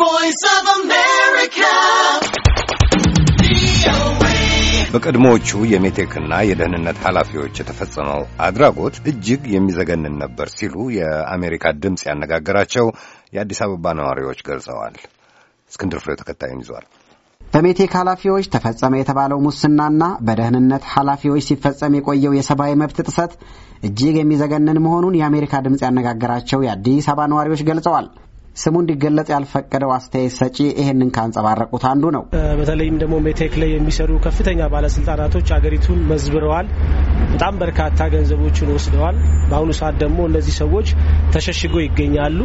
voice of America. በቀድሞዎቹ የሜቴክና የደህንነት ኃላፊዎች የተፈጸመው አድራጎት እጅግ የሚዘገንን ነበር ሲሉ የአሜሪካ ድምፅ ያነጋገራቸው የአዲስ አበባ ነዋሪዎች ገልጸዋል። እስክንድር ፍሬው ተከታዩን ይዟል። በሜቴክ ኃላፊዎች ተፈጸመ የተባለው ሙስናና በደህንነት ኃላፊዎች ሲፈጸም የቆየው የሰብአዊ መብት ጥሰት እጅግ የሚዘገንን መሆኑን የአሜሪካ ድምፅ ያነጋገራቸው የአዲስ አበባ ነዋሪዎች ገልጸዋል። ስሙ እንዲገለጽ ያልፈቀደው አስተያየት ሰጪ ይህንን ካንጸባረቁት አንዱ ነው። በተለይም ደግሞ ሜቴክ ላይ የሚሰሩ ከፍተኛ ባለስልጣናቶች አገሪቱን መዝብረዋል። በጣም በርካታ ገንዘቦችን ወስደዋል። በአሁኑ ሰዓት ደግሞ እነዚህ ሰዎች ተሸሽገው ይገኛሉ።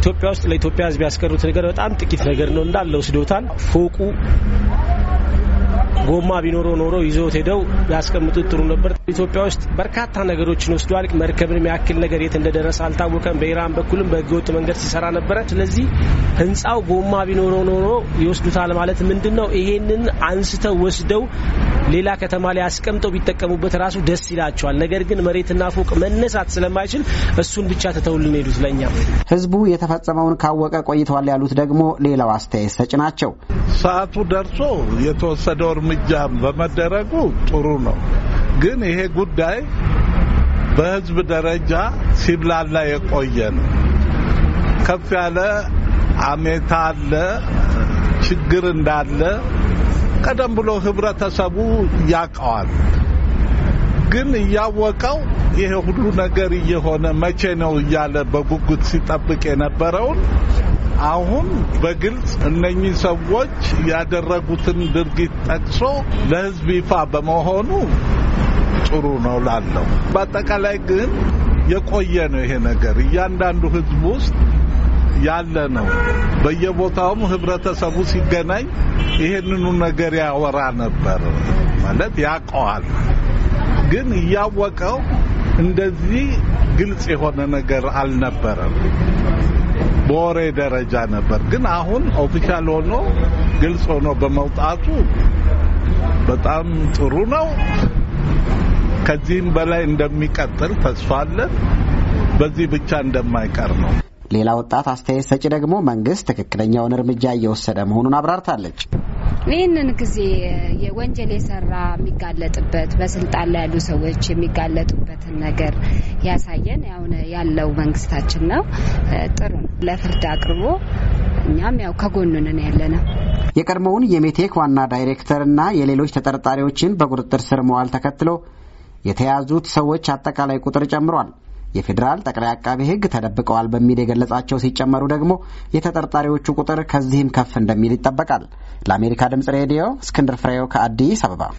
ኢትዮጵያ ውስጥ ለኢትዮጵያ ሕዝብ ያስቀሩት ነገር በጣም ጥቂት ነገር ነው። እንዳለ ወስደውታል። ፎቁ ጎማ ቢኖረው ኖሮ ይዘውት ሄደው ያስቀምጡት ጥሩ ነበር። ኢትዮጵያ ውስጥ በርካታ ነገሮችን ወስዷል። መርከብንም ያክል ነገር የት እንደደረሰ አልታወቀም። በኢራን በኩልም በህገወጥ መንገድ ሲሰራ ነበረ። ስለዚህ ህንፃው ጎማ ቢኖረው ኖሮ ይወስዱታል ማለት ምንድን ነው? ይሄንን አንስተው ወስደው ሌላ ከተማ ላይ አስቀምጠው ቢጠቀሙበት ራሱ ደስ ይላቸዋል። ነገር ግን መሬትና ፎቅ መነሳት ስለማይችል እሱን ብቻ ተተውልን ሄዱት። ለእኛ ህዝቡ የተፈጸመውን ካወቀ ቆይተዋል ያሉት ደግሞ ሌላው አስተያየት ሰጭ ናቸው። ሰዓቱ ደርሶ የተወሰደው እርምጃ በመደረጉ ጥሩ ነው። ግን ይሄ ጉዳይ በህዝብ ደረጃ ሲብላላ የቆየ ነው። ከፍ ያለ አሜታ አለ፣ ችግር እንዳለ ቀደም ብሎ ህብረተሰቡ ያቀዋል። ግን እያወቀው ይሄ ሁሉ ነገር እየሆነ መቼ ነው እያለ በጉጉት ሲጠብቅ የነበረውን አሁን በግልጽ እነኚህ ሰዎች ያደረጉትን ድርጊት ጠቅሶ ለህዝብ ይፋ በመሆኑ ጥሩ ነው ላለው። በአጠቃላይ ግን የቆየ ነው ይሄ ነገር እያንዳንዱ ህዝብ ውስጥ ያለ ነው። በየቦታውም ህብረተሰቡ ሲገናኝ ይህንኑ ነገር ያወራ ነበር ማለት ያውቀዋል። ግን እያወቀው እንደዚህ ግልጽ የሆነ ነገር አልነበረም። በወሬ ደረጃ ነበር። ግን አሁን ኦፊሻል ሆኖ ግልጽ ሆኖ በመውጣቱ በጣም ጥሩ ነው። ከዚህም በላይ እንደሚቀጥል ተስፋ አለን። በዚህ ብቻ እንደማይቀር ነው። ሌላ ወጣት አስተያየት ሰጪ ደግሞ መንግስት ትክክለኛውን እርምጃ እየወሰደ መሆኑን አብራርታለች። ይህንን ጊዜ የወንጀል የሰራ የሚጋለጥበት በስልጣን ላይ ያሉ ሰዎች የሚጋለጡበትን ነገር ያሳየን ያሁን ያለው መንግስታችን ነው። ጥሩ ነው። ለፍርድ አቅርቦ እኛም ያው ከጎኑንን ያለ ነው። የቀድሞውን የሜቴክ ዋና ዳይሬክተርና የሌሎች ተጠርጣሪዎችን በቁጥጥር ስር መዋል ተከትሎ የተያዙት ሰዎች አጠቃላይ ቁጥር ጨምሯል። የፌዴራል ጠቅላይ አቃቤ ሕግ ተደብቀዋል በሚል የገለጻቸው ሲጨመሩ ደግሞ የተጠርጣሪዎቹ ቁጥር ከዚህም ከፍ እንደሚል ይጠበቃል። ለአሜሪካ ድምጽ ሬዲዮ እስክንድር ፍሬው ከአዲስ አበባ